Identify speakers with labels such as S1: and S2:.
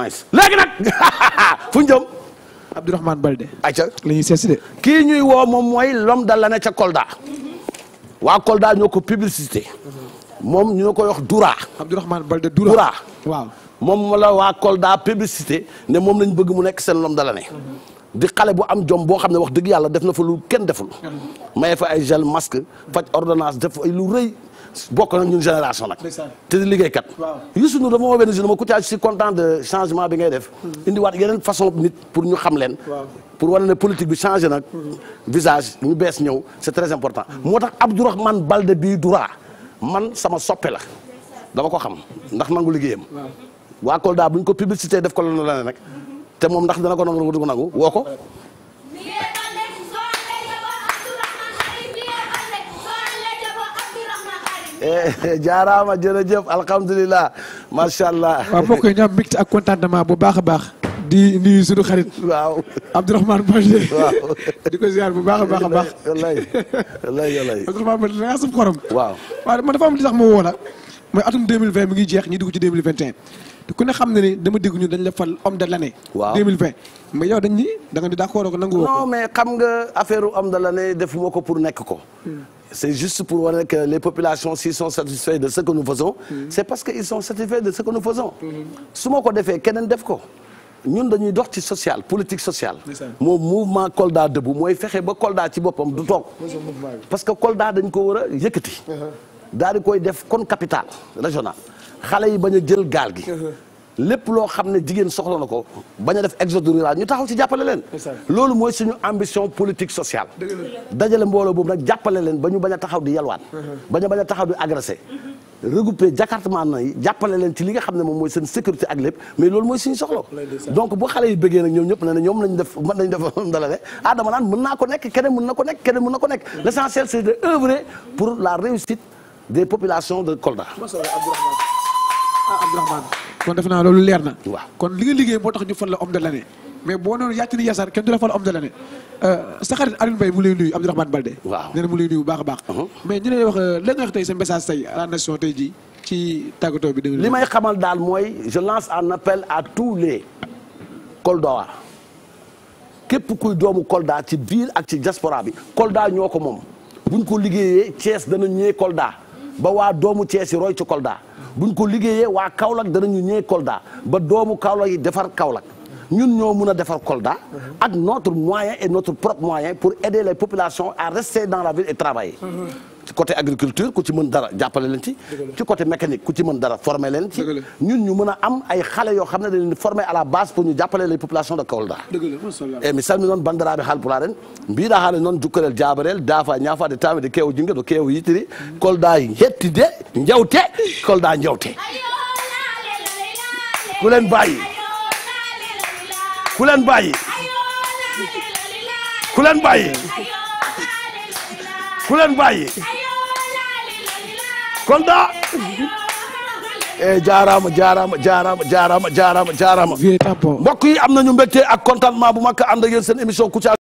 S1: nice léegi nag fu ñu jëm. Abdourahmane Balde. la ñuy seesi kii ñuy woo moom mooy l'homme de l'année ca Kolda. waa Kolda ñoo ko publicité. moom ñoo ko wax Dura. Abdourahmane Balde Dura Dura. moom la waa Kolda publicité ne moom lañ bëgg mu nekk seen lom de l'année. di xale bu am jom boo xam ne wax dëgg yàlla def na fa lu kenn deful. maye fa ay gel masque. faj ordonnance def lu rëy. bokk nag ñun génération nag te di liggéeykat Youssou Ndour dafa ma woo benn jour ma Kouthia je suis content de changement bi ngay def hmm. indiwaat yeneen façon nit pour ñu xam leen pour wane ne politique bi changé nag hmm. visage ñu bees ñëw c'est très important hmm. moo tax man Baldé bii Doura man sama soppe la dama ko xam ndax nangu liggéeyam waa Kolda bu ñu ko publicité def ko la ne nag te moom ndax dana ko nangu du ko nangu woo ko Eh, jaaraama jërëjëf alhamdulilah macha allah. waa moo koy ñu am mbégte ak contentement bu baax a baax. di nuyu suñu xarit. waaw Abdourahmane Badji. di ko ziar bu baax baax a baax. wallay wallay wallay. Abdourahmane Badji da ngaa saf xorom. waaw waaw man dafa am li tax ma woo la mooy atum 2020 mi ngi jeex ñu dugg ci 2021. te ku ne xam ne ni dama dégg ñu dañ la fal homme de l'année. waaw 2020 mais yow dañ ni mais xam nga affaire homme de l'année defuma ko pour nekk ko. Hmm. c'est juste pour wane que les populations s'ils sont satisfaits de ce que nous faisons. Hmm. c'est parce que ils sont satisfaits de ce que nous faisons. Hmm. su ma ko defee keneen def ko. ñun dañuy dox ci social politique sociale. moom mouvement Kolda debout mooy fexe ba Kolda ci boppam du toog. parce que Kolda dañ ko war a yëkkati. Uh-huh. daal di koy def kon capital régionale. xale yi bañ a jël gaal gi. lépp loo xam ne jigéen soxla na ko bañ a def exode rural ñu taxaw ci jàppale leen. loolu mooy suñu ambition politique sociale. dajale mbooloo boobu nag jàppale leen ba ñu bañ taxaw di yalwaan. bañ a bañ a taxaw di agressé. regroupé jakartement na yi jàppale leen ci li nga xam ne moom mooy seen sécurité ak lépp mais loolu mooy suñu soxla donc bu xale yi bëggee nag ñoom ñëpp ne ne ñoom lañ def mën nañ def dalale ah dama naan mën ko nekk keneen mën na na ko nekk mmh. l' essentiel c' est de œuvrer pour la réussite des populations de Ah, Abdourahmane kon def naa loolu leer na. waaw kon li nga liggéey boo tax ñu fan la om de mais boo noonu yàcc ni yasar kenn du la fal homme de l'année euh, sa xarit Alioune Mbaye mu lay nuyu Abdourahmane Baldé. waaw nee na mu lay baax a baax. Uh-huh. mais ñu lay wax euh, lan wax tey sa message tey à la tey jii ci tàggatoo bi. li may xamal daal mooy je lance un appel à tous les Koldoa képp kuy doomu Kolda ci biir ak ci diaspora bi Kolda ñoo ko moom buñ ko liggéeyee Thiès dana ñëwee Kolda ba waa doomu Thiès yi roy ci Kolda. bu buñ ko liggéeyee waa Kaolack danañu ñëwee Kolda ba doomu Kaolack yi defar Kaolack ñun ñoo mun a defar Kolda ak notre moyen et notre propre moyen pour aider les populations à rester dans la ville et travailler. ci agriculture ku ci mën dara jàppale leen ci ci côté mécanique ku ci mën dara former leen ci ñun ñu mën a am ay xale yoo xam ne dañ leen former à la base pour ñu jàppale les populations de Kolda e mi eh, salmi noon bandiraɓe haalpularen mbiɗa haale noon jukkorel jabarel daafa ñafade tamede kew jingue ɗo kew yitiri kolda hettide jawte kolda jawte kulen mbayi kulen mbayi kulen mbayi kulen mbayi Kolda e eh, jaarama jaarama jaarama jaarama jaarama jaarama mbokk yi am nañu mbégte ak contentement bu mag ànd ak yéen seen émission Kouthia